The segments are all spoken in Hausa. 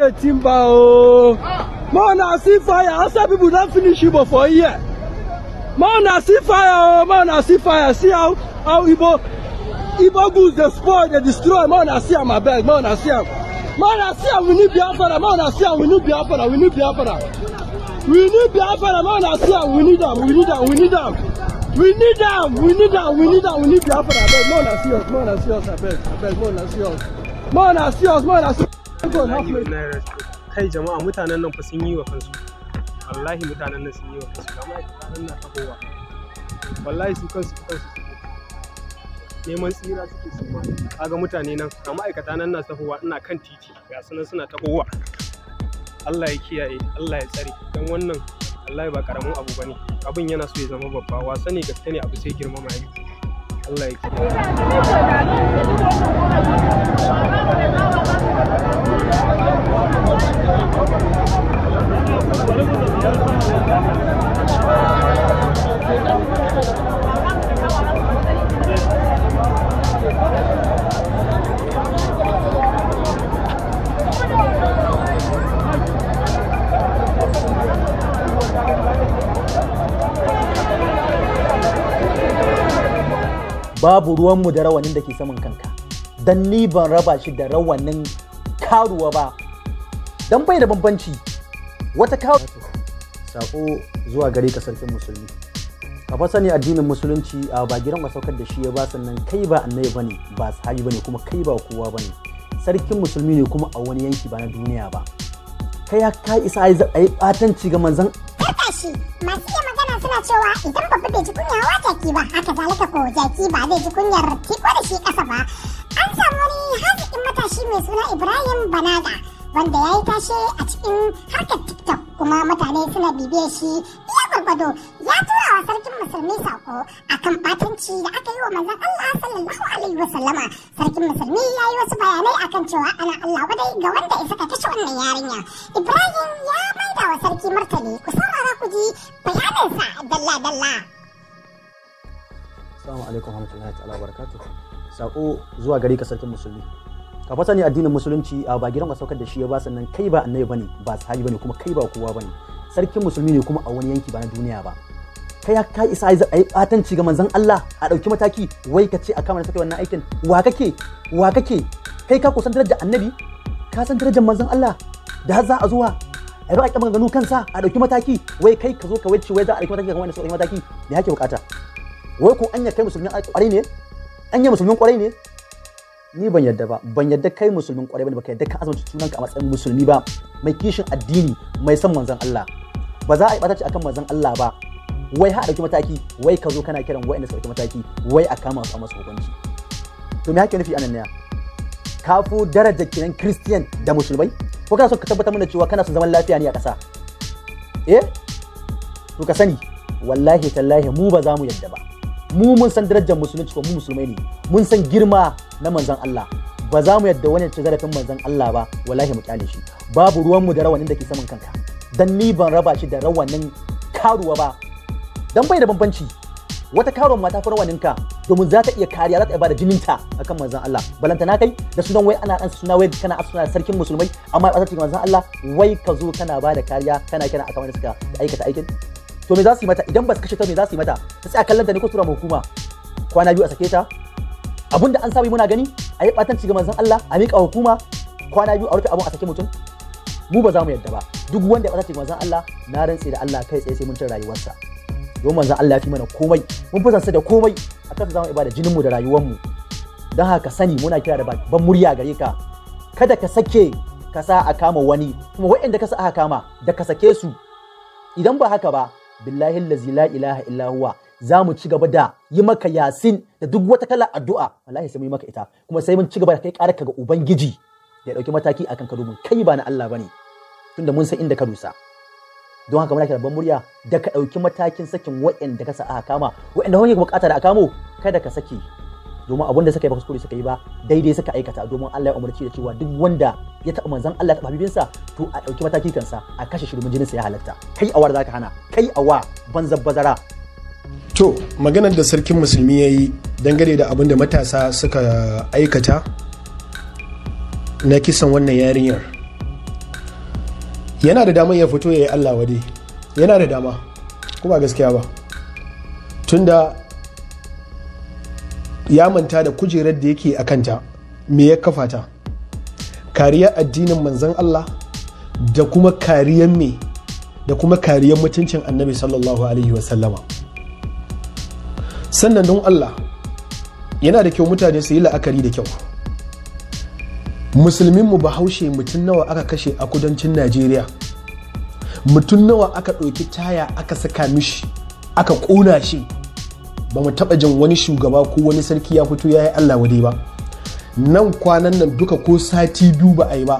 dey timber ooo more na see fire outside people don finish igbo for here more na see fire ooo more na see fire see how how Ibo Ibo goods they spoil they destroy Man, I see am abeg man. I see am more na see am we need biafra Man, I see am we need biafra we need biafra we need biafra Man, I see am we need them. we need them. we need them. we need them. we need them. we need am we need biafra Man, I see us Man, I see us abeg abeg Man, I see us Man, I see us more na see us. wallahi wallahi kai jama'a mutanen nan fa sun yi wa kansu wallahi mutanen nan sun yi wa kansu ga ma'aikatan nan ta kowa wallahi su kansu su kansu neman tsira suke su ma kaga mutane nan ga ma'aikata nan na tafowa ina kan titi ga su nan suna tafowa Allah ya kiyaye Allah ya tsare dan wannan wallahi ba karamin abu bane abin yana so ya zama babba wasa ne gaske ne abu sai girmama yi Allah ya kiyaye babu ruwanmu da rawanin da ke saman kanka don ni ban raba shi da rawanin karuwa ba don bai da bambanci wata karuwa sako zuwa gare ka sarkin musulmi ka fa sani addinin musulunci a ba gidan saukar da shi ya ba sannan kai ba annabi bane ba sahabi bane kuma kai ba kowa bane sarkin musulmi ne kuma a wani yanki ba na duniya ba kai ya ka isa za ai batanci ga manzan shi masu yi magana suna cewa idan babba bai ji kunya wa jaki ba haka zalika ko jaki ba zai ji kunyar ko da shi kasa ba an samu wani haziƙin matashi mai suna Ibrahim Banaga wanda ya yi tashe a cikin harkar TikTok kuma mutane suna bibiyar shi iya gwargwado ya tura wa sarkin musulmi sako kan batanci da aka yi wa manzon Allah sallallahu alaihi wasallama sarkin musulmi ya yi wasu bayanai akan cewa ana Allah wadai ga wanda ya saka kashe wannan yarinya Ibrahim ya maida wa sarki martani ku saurara ku ji bayaninsa dalla dalla Assalamu alaikum warahmatullahi sako zuwa gari ka sarkin musulmi ka fasa ne addinin musulunci a ba gidan saukar da shi ya ba sannan kai ba annabi bane ba sahabi bane kuma kai ba kowa bane sarkin musulmi ne kuma a wani yanki ba na duniya ba kai ka isa a yi batanci ga manzon Allah a ɗauki mataki wai ka ce a kama da saka wannan aikin wa kake wa kake kai ka kusan darajar annabi ka san darajar manzon Allah da har za a zuwa a ba a kama ganu kansa a ɗauki mataki wai kai ka zo ka wuce wai za a ɗauki mataki kamar wanda suka ɗauki mataki me yake bukata wai ko anya kai musulmi ne anya musulmin kwarai ne ni ban yadda ba ban yadda kai musulmin kwarai bane baka yadda ka azumta sunanka a matsayin musulmi ba mai kishin addini mai san manzon Allah ba za a yi bataci akan manzon Allah ba wai ha dauki mataki wai ka zo kana kiran wa'anda suka dauki mataki wai a kama su a masu hukunci to me hake nufi anan ne ka fu darajar kiran christian da musulmai ko kana so ka tabbatar mana cewa kana son zaman lafiya ne a ƙasa eh to ka sani wallahi tallahi mu ba za mu yadda ba mu mun san darajar musulunci ko mu musulmai ne mun san girma na manzon Allah ba za mu yadda wani ta zarafin manzon Allah ba wallahi mu kyale shi babu ruwan mu da rawanin da ke saman kanka dan ni ban raba shi da rawanin karuwa ba dan bai da bambanci wata karuwa mata fi rawanin ka domin za ta iya kariya za ta iya bada jininta akan manzon Allah balanta na kai da sunan wai ana ansa suna wai kana asuna sarkin musulmai amma ba ta manzon Allah wai ka zo kana ba da kariya kana kira akan wanda suka aikata aikin to me za su yi mata idan ba su kashe ta me za su yi mata ta tsaya kallon ta ne ko tura hukuma kwana biyu a sake ta abinda an sabi muna gani a yi batanci ga manzon Allah a miƙa hukuma kwana biyu a rufe abun a sake mutum mu ba za mu yadda ba duk wanda ya batanci ga manzon Allah na rantse da Allah kai tsaye sai mun tun rayuwarsa don manzon Allah ya fi mana komai mun fusa da komai a akan zamu ibada jinin mu da rayuwar mu don haka sani muna kira da ban murya gare ka kada ka sake ka sa a kama wani kuma waɗanda ka sa aka kama da ka sake su idan ba haka ba billahi allazi la ilaha illa huwa za mu ci gaba da yi maka yasin da duk wata kala addu'a wallahi sai mu yi maka ita kuma sai mun ci gaba da kai ƙara ga ubangiji da ya dauki mataki akan ka domin kai ba na Allah bane tunda mun san inda ka dusa don haka muna kira ban murya da ka dauki matakin sakin waanda ka sa aka kama waɗanda wani bukata da aka kamo kada ka saki domin abin da suka yi ba kuskure suka yi ba daidai suka aikata domin Allah ya umarci da cewa duk wanda ya taɓa manzon Allah taɓa habibinsa to a ɗauki mataki kansa a kashe shirmin jininsa ya halatta kai awar zaka hana kai awa banza bazara to maganar da sarkin musulmi ya yi dangane da abin da matasa suka aikata na kisan wannan yarinyar yana da dama ya fito ya yi Allah wade yana da dama kuma gaskiya ba tunda ya manta da kujerar da yake a kanta me ya kafa ta kariyar addinin manzan Allah da kuma kariyar me da kuma kariyar mutuncin annabi sallallahu alaihi wasallama sannan don Allah yana da kyau mutane su yi la'akari da kyau musulmin mu bahaushe mutum nawa aka kashe a kudancin najeriya mutum nawa aka ɗauki taya aka saka mishi aka ƙona shi ba mu taɓa jin wani shugaba ko wani sarki ya fito ya yi Allah wadai ba nan kwanan nan duka ko sati biyu ba a yi ba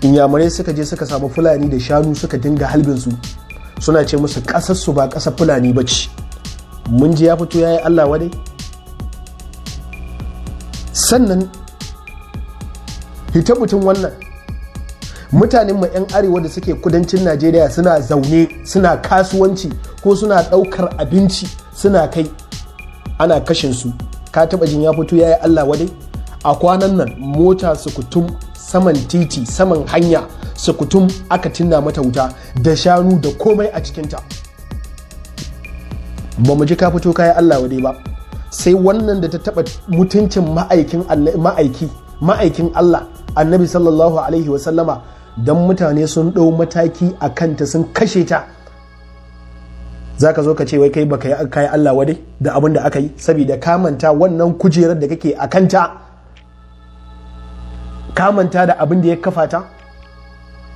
inyamurai suka je suka samu fulani da shanu suka dinga halbinsu suna ce musu ƙasarsu ba ƙasa fulani ba ce mun je ya fito ya yi Allah wadai sannan hita mutum wannan mutanen mu 'yan arewa da suke kudancin najeriya suna zaune suna kasuwanci ko suna daukar abinci suna kai ana kashin su ka taba jin ya fito ya allah wadai a kwanan nan mota sukutum saman titi saman hanya sukutum aka cinna mata wuta da shanu da komai a cikinta ba mu ji ka fito kayan allah wadai ba sai wannan da ta taba mutuncin ma'aikin ma'aiki ma'aikin allah annabi sallallahu alaihi wasallama don mutane sun ɗau mataki a kanta sun kashe ta za ka zo ka ce wai kai baka yi Allah wadai da abin da aka yi saboda kamanta wannan kujerar da kake a kanta kamanta da abin da ya kafa ta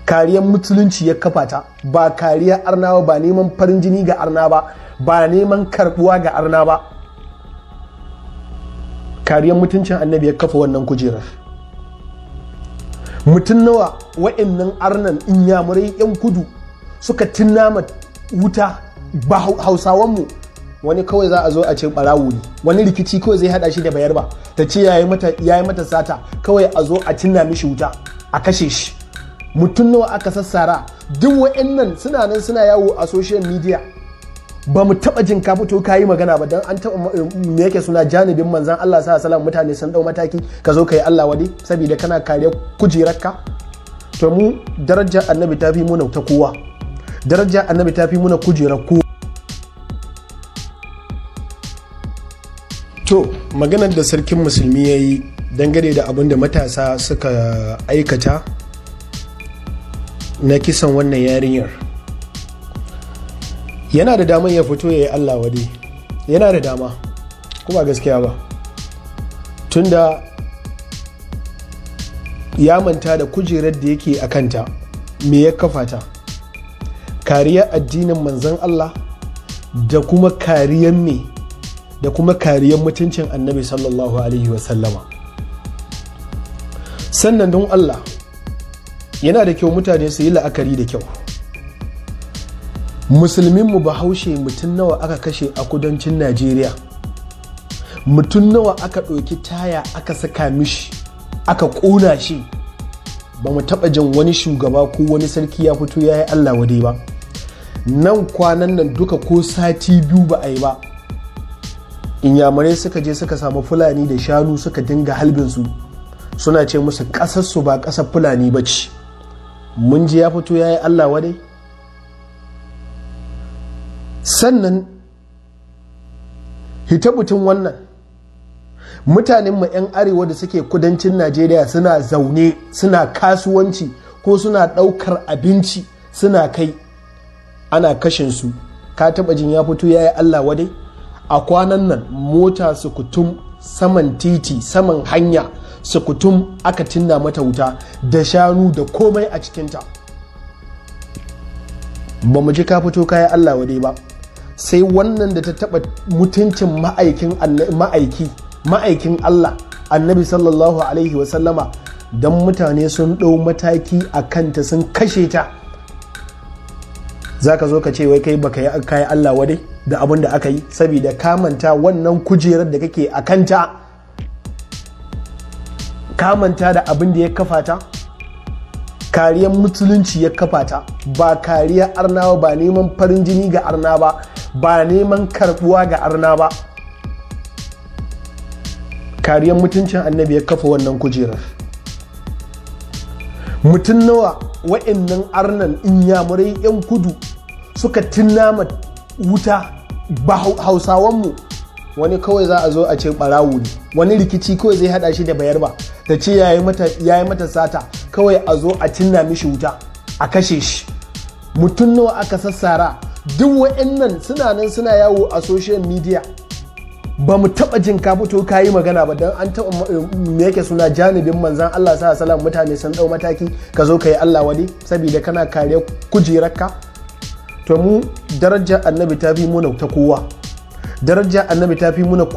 kariyar musulunci ya kafa ta ba kariyar arna ba ba neman farin jini ga arna ba ba neman karbuwa ga arna ba kariyar mutuncin annabi ya kafa wannan kujerar mutum nawa wa'annan arnan inyamurai yan kudu suka nama wuta ba hausawanmu wani kawai za a zo a ce barawo ne wani rikici kawai zai hada shi da bayar ba ta ce yayi mata sata kawai a zo a cinna mishi wuta a kashe shi mutum nawa aka sassara duk wa'annan suna nan suna yawo a social media ba mu taba jin ka fito ka yi magana ba don an taba eh, me yake suna janibin manzan Allah sa salam mutane sun dau mataki ka zo ka yi Allah wadi saboda kana kare kujerarka to mu daraja annabi ta muna ta kowa daraja annabi ta fi muna kujerar kowa to maganar da sarkin musulmi ya yi dangane da abin da matasa suka aikata na kisan wannan yarinyar yana da damar ya fito ya yi allah wadi yana da dama kuma gaskiya ba tunda ya manta da kujerar da yake a kanta me ya kafa ta kariyar addinin manzan allah da kuma kariyar me da kuma kariyar mutuncin annabi sallallahu alaihi wasallama sannan don allah yana da kyau mutane su yi la'akari da kyau musulmin mu bahaushe mutum nawa aka kashe a kudancin najeriya mutum nawa aka ɗauki taya aka saka mishi aka ƙona shi ba mu taɓa jin wani shugaba ko wani sarki ya fito ya yi allah wadai ba nan kwanan nan duka ko sati biyu ba a yi ba inyamurai suka je suka samu fulani da shanu suka dinga halbinsu suna ce musu ƙasarsu ba ƙasar fulani ba ce mun ji ya fito ya yi allah wadai sannan hitabutun wannan mutanen mu 'yan arewa da suke kudancin najeriya suna zaune suna kasuwanci ko suna ɗaukar abinci suna kai ana kashin su ka taba jin ya fito ya yi allah wadai a kwanan nan mota su kutum saman titi saman hanya su kutum aka cinna mata wuta da shanu da komai a cikinta ba mu ji ka fito ka yi allah wadai ba sai wannan da ta taba mutuncin ma'aiki ma'aikin Allah annabi sallallahu alaihi wasallama don mutane sun ɗau mataki a kanta sun kashe ta za ka zo ka ce wai kai baka yi kayan Allah wadai da abin da aka yi saboda kamanta wannan kujerar da kake a kanta kamanta da abin da ya kafa ta kariyar musulunci ya kafa ta ba kariyar arnawa ba neman farin jini ga arna ba ba neman karbuwa ga arna ba kariyar mutuncin annabi ya kafa wannan kujerar mutum nawa wa'annan arnan inyamurai 'yan kudu suka tinnama wuta ba hausawanmu wani kawai za a zo a ce barawu ne wani rikici kawai zai hada shi da bayar ba da ce ya yi mata sata kawai a zo a cinna mishi wuta a kashe shi mutum nawa aka sassara duk wa'annan suna nan suna yawo a social media ba mu taɓa jin ka fito ka yi magana ba don an taba eh, me yake suna janibin manzan Allah sa salam mutane sun ɗau mataki ka zo ka yi Allah wani saboda kana kare kujerarka to mu darajar annabi ta fi muna ta kowa darajar annabi ta fi muna